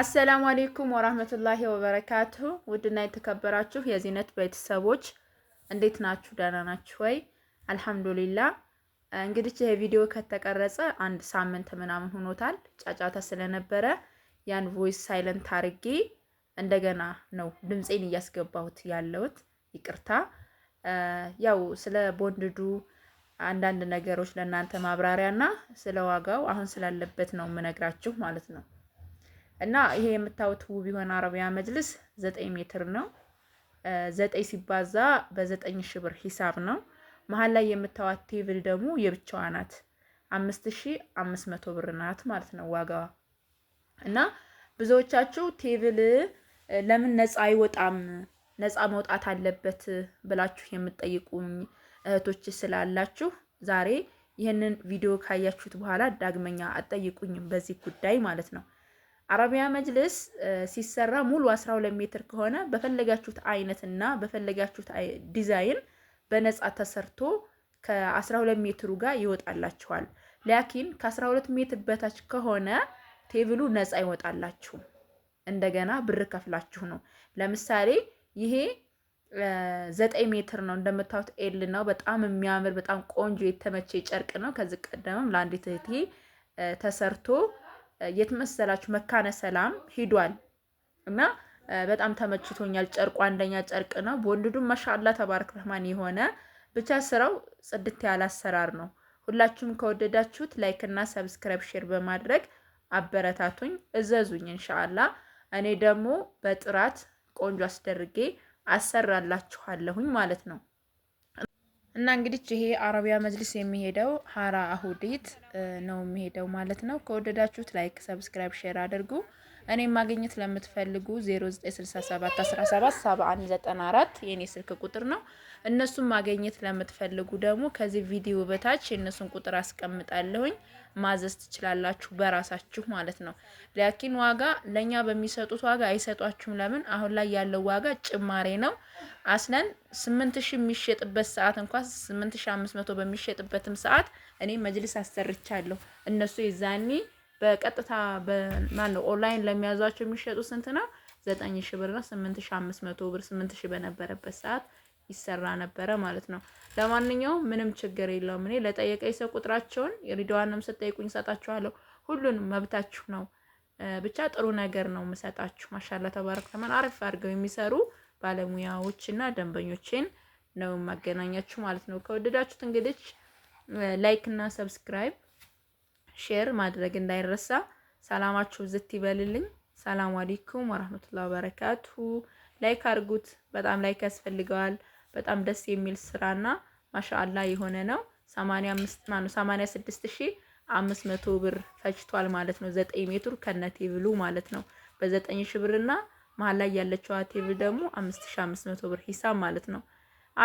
አሰላሙ አሌይኩም ወራህመቱላሂ ወበረካቱሁ። ውድና የተከበራችሁ የዚህነት ቤተሰቦች እንዴት ናችሁ? ደህና ናችሁ ወይ? አልሐምዱሊላ። እንግዲህ ይሄ ቪዲዮ ከተቀረጸ አንድ ሳምንት ምናምን ሆኖታል። ጫጫታ ስለነበረ ያን ቮይስ ሳይለንት አርጌ እንደገና ነው ድምፄን እያስገባሁት ያለሁት። ይቅርታ። ያው ስለ ቦንድዱ አንዳንድ ነገሮች ለእናንተ ማብራሪያና ስለ ዋጋው አሁን ስላለበት ነው የምነግራችሁ ማለት ነው። እና ይሄ የምታዩት ውብ የሆነ አረቢያ መጅልስ ዘጠኝ ሜትር ነው። ዘጠኝ ሲባዛ በዘጠኝ ሺህ ብር ሂሳብ ነው። መሀል ላይ የምታዩት ቴብል ደግሞ የብቻዋ ናት። አምስት አምስት መቶ ብር ናት ማለት ነው ዋጋዋ እና ብዙዎቻችሁ ቴብል ለምን ነፃ አይወጣም ነፃ መውጣት አለበት ብላችሁ የምጠይቁኝ እህቶች ስላላችሁ ዛሬ ይህንን ቪዲዮ ካያችሁት በኋላ ዳግመኛ አጠይቁኝም በዚህ ጉዳይ ማለት ነው። አረቢያ መጅልስ ሲሰራ ሙሉ 12 ሜትር ከሆነ በፈለጋችሁት አይነትና በፈለጋችሁት ዲዛይን በነፃ ተሰርቶ ከ12 ሜትሩ ጋር ይወጣላችኋል። ላኪን ከ12 ሜትር በታች ከሆነ ቴብሉ ነፃ ይወጣላችሁ። እንደገና ብር ከፍላችሁ ነው። ለምሳሌ ይሄ ዘጠኝ ሜትር ነው እንደምታዩት፣ ኤል ነው። በጣም የሚያምር በጣም ቆንጆ የተመቼ ጨርቅ ነው። ከዚህ ቀደምም ለአንዲት እህቴ ተሰርቶ የት መሰላችሁ መካነ ሰላም ሂዷል እና በጣም ተመችቶኛል። ጨርቁ አንደኛ ጨርቅ ነው። በወንድዱም ማሻአላ ተባረክ ረህማን የሆነ ብቻ ስራው ጽድት ያለ አሰራር ነው። ሁላችሁም ከወደዳችሁት ላይክ እና ሰብስክራይብ ሼር በማድረግ አበረታቱኝ፣ እዘዙኝ። እንሻአላ እኔ ደግሞ በጥራት ቆንጆ አስደርጌ አሰራላችኋለሁኝ ማለት ነው። እና እንግዲህ ይሄ አረቢያ መጅሊስ የሚሄደው ሀራ አሁዲት ነው የሚሄደው ማለት ነው። ከወደዳችሁት ላይክ፣ ሰብስክራይብ፣ ሼር አድርጉ። እኔ ማግኘት ለምትፈልጉ 0967177194 የኔ ስልክ ቁጥር ነው። እነሱን ማግኘት ለምትፈልጉ ደግሞ ከዚህ ቪዲዮ በታች የእነሱን ቁጥር አስቀምጣለሁኝ ማዘዝ ትችላላችሁ በራሳችሁ ማለት ነው። ሊያኪን ዋጋ ለእኛ በሚሰጡት ዋጋ አይሰጧችሁም። ለምን አሁን ላይ ያለው ዋጋ ጭማሬ ነው። አስለን 8000 የሚሸጥበት ሰዓት እንኳን 8500 በሚሸጥበትም ሰዓት እኔ መጅልስ አሰርቻለሁ እነሱ የዛኔ በቀጥታ በማን ኦንላይን ለሚያዟቸው የሚሸጡ ስንት ነው? ዘጠኝ ሺ ብር ነው። ስምንት ሺ አምስት መቶ ብር ስምንት ሺ በነበረበት ሰዓት ይሰራ ነበረ ማለት ነው። ለማንኛውም ምንም ችግር የለውም። እኔ ለጠየቀኝ ሰው ቁጥራቸውን ሪድዋንም ስጠይቁኝ ሰጣችኋለሁ። ሁሉንም መብታችሁ ነው። ብቻ ጥሩ ነገር ነው የምሰጣችሁ። ማሻላ ተባረክ ተመን አሪፍ አድርገው የሚሰሩ ባለሙያዎችና ደንበኞችን ነው የማገናኛችሁ ማለት ነው። ከወደዳችሁት እንግዲህ ላይክ እና ሰብስክራይብ ሼር ማድረግ እንዳይረሳ። ሰላማችሁ ዝት ይበልልኝ። ሰላም አለይኩም ወራህመቱላሂ ወበረካቱ። ላይክ አርጉት፣ በጣም ላይክ ያስፈልገዋል። በጣም ደስ የሚል ስራና ማሻአላ የሆነ ነው። 85 ማነው 500 ብር ፈጅቷል ማለት ነው። 9 ሜትር ከነ ብሉ ማለት ነው። በ9 ሺህ ብርና መሀል ላይ ያለችው ቴብል ደግሞ 5500 ብር ሂሳብ ማለት ነው።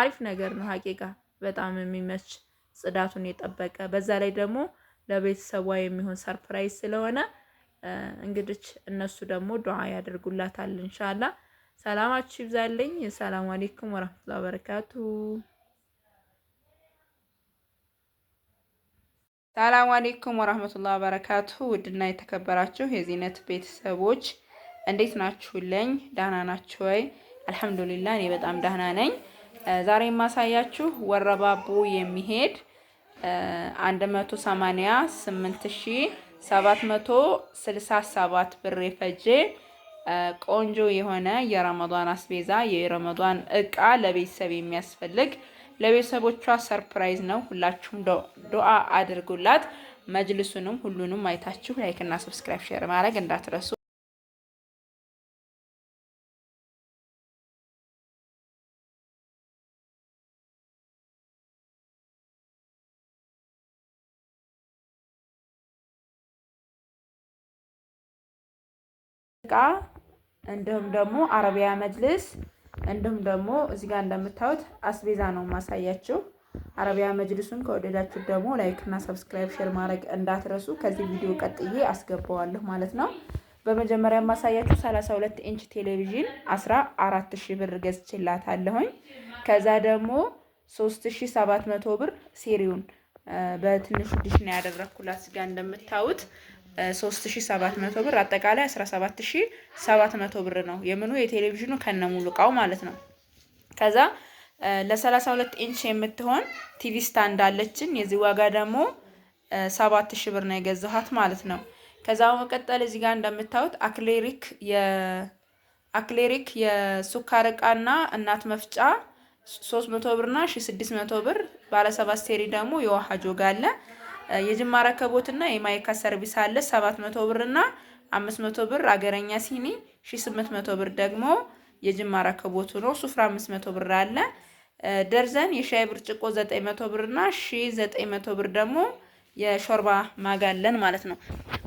አሪፍ ነገር ነው ሀቂቃ በጣም የሚመች ጽዳቱን የጠበቀ በዛ ላይ ደግሞ ለቤተሰቧ የሚሆን ሰርፕራይዝ ስለሆነ እንግዲህ እነሱ ደግሞ ዱዓ ያደርጉላታል እንሻላ ሰላማችሁ ይብዛልኝ። ሰላም አለይኩም ወራህመቱላሂ ወበረካቱ። ሰላም አሌይኩም ወራህመቱላሂ በረካቱ። ውድና የተከበራችሁ የዚህነት ቤተሰቦች እንዴት ናችሁልኝ? ዳህና ናችሁ ወይ? አልሐምዱሊላ እኔ በጣም ዳህና ነኝ። ዛሬ የማሳያችሁ ወረባቦ የሚሄድ 188767 ብር የፈጀ ቆንጆ የሆነ የረመዷን አስቤዛ የረመዷን እቃ ለቤተሰብ የሚያስፈልግ ለቤተሰቦቿ ሰርፕራይዝ ነው። ሁላችሁም ዱአ አድርጉላት። መጅልሱንም ሁሉንም አይታችሁ ላይክና ሰብስክራይብ ሼር ማድረግ እንዳትረሱ። እቃ እንዲሁም ደግሞ አረቢያ መጅልስ እንዲሁም ደግሞ እዚህ ጋር እንደምታዩት አስቤዛ ነው ማሳያችሁ። አረቢያ መጅልሱን ከወደዳችሁ ደግሞ ላይክ እና ሰብስክራይብ ሼር ማድረግ እንዳትረሱ። ከዚህ ቪዲዮ ቀጥዬ አስገባዋለሁ ማለት ነው። በመጀመሪያ ማሳያችሁ 32 ኢንች ቴሌቪዥን 14000 ሺህ ብር ገዝቼላታለሁኝ። ከዛ ደግሞ 3700 ብር ሴሪውን በትንሹ ዲሽ ነው ያደረኩላት እዚህ ጋር እንደምታዩት 3700 ብር አጠቃላይ 17700 ብር ነው የምኑ የቴሌቪዥኑ ከነ ሙሉ እቃው ማለት ነው። ከዛ ለ32 ኢንች የምትሆን ቲቪ ስታንድ አለችን። የዚህ ዋጋ ደግሞ 7000 ብር ነው የገዛኋት ማለት ነው። ከዛ በመቀጠል እዚህ ጋር እንደምታዩት አክሌሪክ የ አክሌሪክ የሱካር እቃና እናት መፍጫ 300 ብርና 600 ብር ባለ 7 ሴሪ ደግሞ የውሃ ጆግ አለ። የጅማ ረከቦትና የማይካ ሰርቪስ አለ 700 ብር እና 500 ብር አገረኛ ሲኒ 1800 ብር ደግሞ የጅማ ረከቦቱ ነው። ሱፍራ 500 ብር አለ። ደርዘን የሻይ ብርጭቆ 900 ብር እና 1900 ብር ደግሞ የሾርባ ማጋለን ማለት ነው።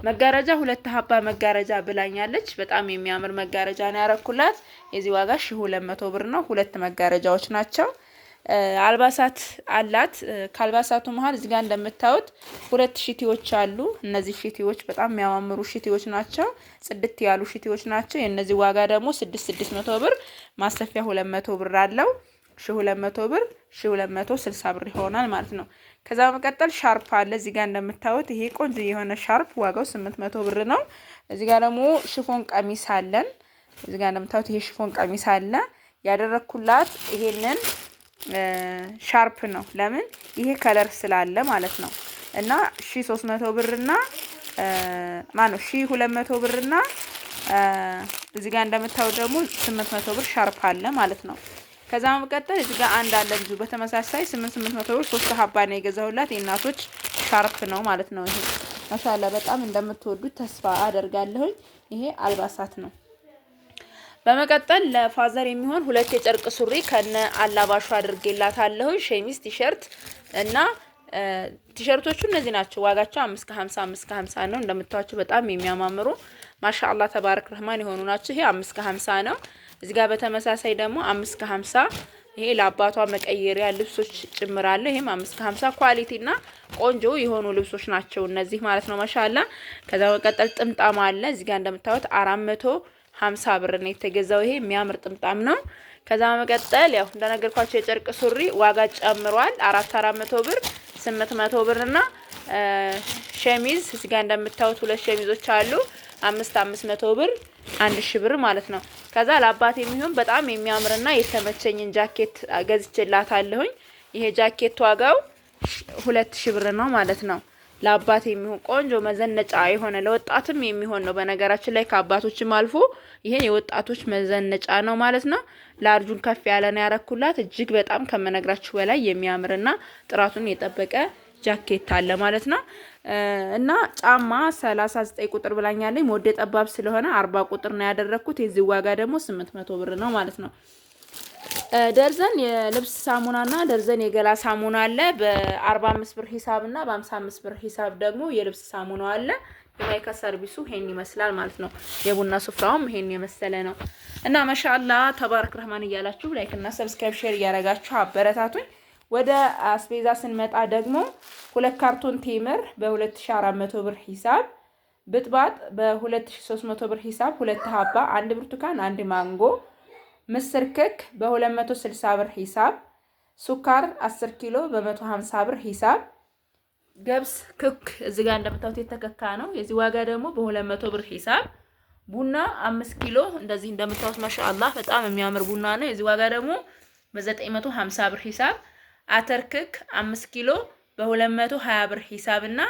መጋረጃ ሁለት ሀባ መጋረጃ ብላኛለች። በጣም የሚያምር መጋረጃ ነው ያረኩላት። የዚህ ዋጋ 1200 ብር ነው። ሁለት መጋረጃዎች ናቸው። አልባሳት አላት። ከአልባሳቱ መሀል እዚህ ጋር እንደምታዩት ሁለት ሽቲዎች አሉ። እነዚህ ሽቲዎች በጣም የሚያማምሩ ሽቲዎች ናቸው። ጽድት ያሉ ሽቲዎች ናቸው። የእነዚህ ዋጋ ደግሞ ስድስት ስድስት መቶ ብር ማሰፊያ ሁለት መቶ ብር አለው ሺ ሁለት መቶ ብር ሺ ሁለት መቶ ስልሳ ብር ይሆናል ማለት ነው። ከዛ በመቀጠል ሻርፕ አለ እዚህ ጋር እንደምታዩት ይሄ ቆንጆ የሆነ ሻርፕ ዋጋው ስምንት መቶ ብር ነው። እዚህ ጋር ደግሞ ሽፎን ቀሚስ አለን። እዚህ ጋር እንደምታዩት ይሄ ሽፎን ቀሚስ አለ ያደረግኩላት ይሄንን ሻርፕ ነው። ለምን ይሄ ከለር ስላለ ማለት ነው። እና ሺ ሶስት መቶ ብርና እና ማነው ሺ ሁለት መቶ ብር እዚህ ጋር እንደምታዩት ደግሞ ስምንት መቶ ብር ሻርፕ አለ ማለት ነው። ከዛ በመቀጠል እዚህ ጋር አንድ አለ ብዙ በተመሳሳይ ስምንት ስምንት መቶ ብር ሶስት ሀባ ነው የገዛሁላት የእናቶች ሻርፕ ነው ማለት ነው። ይሄ ማሻላ በጣም እንደምትወዱት ተስፋ አደርጋለሁኝ። ይሄ አልባሳት ነው። በመቀጠል ለፋዘር የሚሆን ሁለት የጨርቅ ሱሪ ከነ አላባሹ አድርጌላታለሁ። ሸሚዝ፣ ቲሸርት እና ቲሸርቶቹ እነዚህ ናቸው። ዋጋቸው አምስት ከሀምሳ አምስት ከሀምሳ ነው። እንደምታዋቸው በጣም የሚያማምሩ ማሻአላ ተባረክ ረህማን የሆኑ ናቸው። ይሄ አምስት ከሀምሳ ነው። እዚህ ጋር በተመሳሳይ ደግሞ አምስት ከሀምሳ ይሄ ለአባቷ መቀየሪያ ልብሶች ጭምራለሁ። ይሄም አምስት ከሀምሳ ኳሊቲና ቆንጆ የሆኑ ልብሶች ናቸው እነዚህ ማለት ነው። ማሻአላ ከዛ በመቀጠል ጥምጣማ አለ። እዚህ ጋር እንደምታዩት አራት መቶ ሀምሳ ብር ነው የተገዛው። ይሄ የሚያምር ጥምጣም ነው። ከዛ መቀጠል ያው እንደነገርኳቸው የጨርቅ ሱሪ ዋጋ ጨምሯል። አራት አራት መቶ ብር ስምንት መቶ ብር እና ሸሚዝ እዚህ ጋር እንደምታዩት ሁለት ሸሚዞች አሉ አምስት አምስት መቶ ብር አንድ ሺ ብር ማለት ነው። ከዛ ለአባቴ የሚሆን በጣም የሚያምርና የተመቸኝን ጃኬት ገዝቼላታለሁኝ። ይሄ ጃኬት ዋጋው ሁለት ሺ ብር ነው ማለት ነው። ለአባት የሚሆን ቆንጆ መዘነጫ የሆነ ለወጣትም የሚሆን ነው። በነገራችን ላይ ከአባቶችም አልፎ ይሄን የወጣቶች መዘነጫ ነው ማለት ነው። ለአርጁን ከፍ ያለ ነው ያረኩላት። እጅግ በጣም ከመነግራችሁ በላይ የሚያምርና ጥራቱን የጠበቀ ጃኬት አለ ማለት ነው። እና ጫማ 39 ቁጥር ብላኛለኝ። ወደ ጠባብ ስለሆነ 40 ቁጥር ነው ያደረኩት። የዚህ ዋጋ ደግሞ 800 ብር ነው ማለት ነው። ደርዘን የልብስ ሳሙናና ደርዘን የገላ ሳሙና አለ። በ45 ብር ሂሳብ እና በ55 ብር ሂሳብ ደግሞ የልብስ ሳሙና አለ። የማይካ ሰርቪሱ ይሄን ይመስላል ማለት ነው። የቡና ስፍራውም ይሄን የመሰለ ነው እና ማሻአላ ተባረክ ረህማን እያላችሁ ላይክ እና ሰብስክራይብ፣ ሼር እያረጋችሁ አበረታቱኝ። ወደ አስቤዛ ስንመጣ ደግሞ ሁለት ካርቶን ቴምር በ2400 ብር ሂሳብ፣ ብጥባጥ በ2300 ብር ሂሳብ ሁለት ሀባ፣ አንድ ብርቱካን፣ አንድ ማንጎ ምስር ክክ በ260 ብር ሂሳብ፣ ሱካር 10 ኪሎ በ150 ብር ሂሳብ፣ ገብስ ክክ እዚ ጋር እንደምታዩት የተከካ ነው። የዚህ ዋጋ ደግሞ በ200 ብር ሂሳብ። ቡና 5 ኪሎ እንደዚህ እንደምታዩት ማሻአላህ በጣም የሚያምር ቡና ነው። የዚህ ዋጋ ደግሞ በ950 ብር ሂሳብ። አተር ክክ 5 ኪሎ በ220 ብር ሂሳብ እና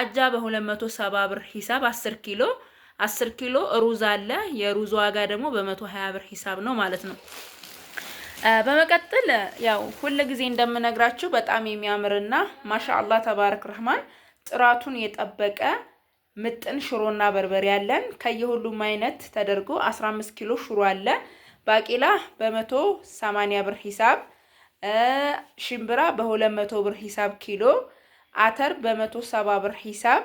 አጃ በ270 ብር ሂሳብ 10 ኪሎ አስር ኪሎ ሩዝ አለ። የሩዝ ዋጋ ደግሞ በመቶ ሀያ ብር ሂሳብ ነው ማለት ነው። በመቀጠል ያው ሁል ጊዜ እንደምነግራችሁ በጣም የሚያምርና ማሻአላ ተባረክ ረህማን ጥራቱን የጠበቀ ምጥን ሽሮና በርበሬ አለን። ከየሁሉም አይነት ተደርጎ 15 ኪሎ ሽሮ አለ። ባቂላ በ180 ብር ሂሳብ፣ ሽምብራ በ200 ብር ሂሳብ ኪሎ፣ አተር በ170 ብር ሂሳብ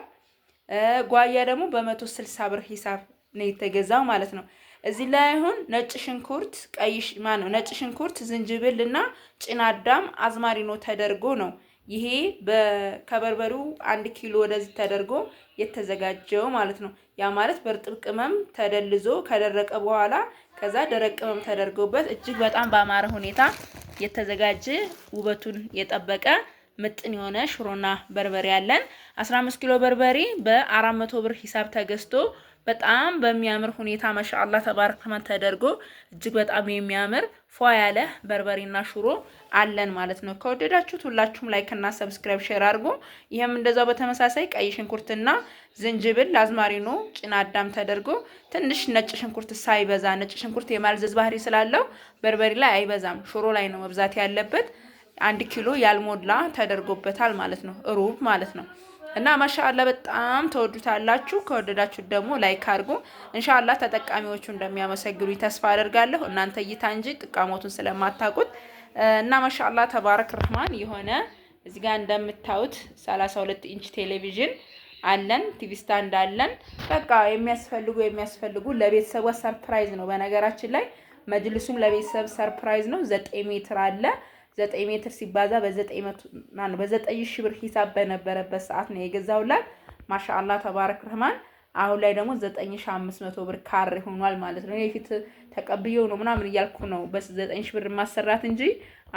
ጓያ ደግሞ በመቶ ስልሳ ብር ሂሳብ ነው የተገዛው ማለት ነው። እዚህ ላይ አሁን ነጭ ሽንኩርት ቀይ ማ ነው ነጭ ሽንኩርት ዝንጅብል እና ጭናዳም አዝማሪኖ ተደርጎ ነው ይሄ ከበርበሪው አንድ ኪሎ ወደዚህ ተደርጎ የተዘጋጀው ማለት ነው። ያ ማለት በእርጥብ ቅመም ተደልዞ ከደረቀ በኋላ ከዛ ደረቅ ቅመም ተደርጎበት እጅግ በጣም በአማረ ሁኔታ የተዘጋጀ ውበቱን የጠበቀ ምጥን የሆነ ሽሮና በርበሬ አለን። 15 ኪሎ በርበሬ በ400 ብር ሂሳብ ተገዝቶ በጣም በሚያምር ሁኔታ ማሻአላ ተባረከመን ተደርጎ እጅግ በጣም የሚያምር ፏ ያለ በርበሬና ሽሮ አለን ማለት ነው። ከወደዳችሁት ሁላችሁም ላይክ እና ሰብስክራይብ ሼር አድርጉ። ይህም እንደዛው በተመሳሳይ ቀይ ሽንኩርትና ዝንጅብል፣ አዝማሪኖ፣ ጭና አዳም ተደርጎ ትንሽ ነጭ ሽንኩርት ሳይበዛ ነጭ ሽንኩርት የማልዘዝ ባህሪ ስላለው በርበሬ ላይ አይበዛም፣ ሽሮ ላይ ነው መብዛት ያለበት። አንድ ኪሎ ያልሞላ ተደርጎበታል ማለት ነው፣ ሩብ ማለት ነው። እና ማሻአላ በጣም ተወዱታላችሁ። ከወደዳችሁ ደግሞ ላይክ አድርጉ። እንሻላ ተጠቃሚዎቹ እንደሚያመሰግኑ ተስፋ አደርጋለሁ። እናንተ እይታ እንጂ ጥቃሞቱን ስለማታውቁት እና ማሻአላ ተባረክ ረህማን የሆነ እዚህ ጋር እንደምታዩት 32 ኢንች ቴሌቪዥን አለን፣ ቲቪ ስታንድ አለን። በቃ የሚያስፈልጉ የሚያስፈልጉ ለቤተሰቡ ሰርፕራይዝ ነው። በነገራችን ላይ መጅልሱም ለቤተሰብ ሰርፕራይዝ ነው። ዘጠኝ ሜትር አለ ዘጠኝ ሜትር ሲባዛ በዘጠኝ ሺ ብር ሂሳብ በነበረበት ሰዓት ነው የገዛሁላት። ማሻአላ ተባረክ ረህማን። አሁን ላይ ደግሞ ዘጠኝ ሺህ አምስት መቶ ብር ካሬ ሆኗል ማለት ነው። የፊት ተቀብዬው ነው ምናምን እያልኩ ነው በዘጠኝ ሺህ ብር ማሰራት እንጂ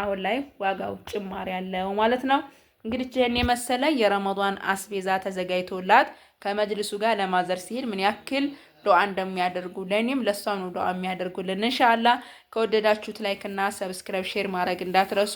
አሁን ላይ ዋጋው ጭማሪ ያለው ማለት ነው። እንግዲህ ይህን የመሰለ የረመዷን አስቤዛ ተዘጋጅቶላት ከመጅልሱ ጋር ለማዘር ሲሄድ ምን ያክል ዱዓ እንደሚያደርጉ ለእኔም ለእሷ ነው ዱዓ የሚያደርጉልን። እንሻላ ከወደዳችሁት ላይክና ሰብስክራይብ ሼር ማድረግ እንዳትረሱ።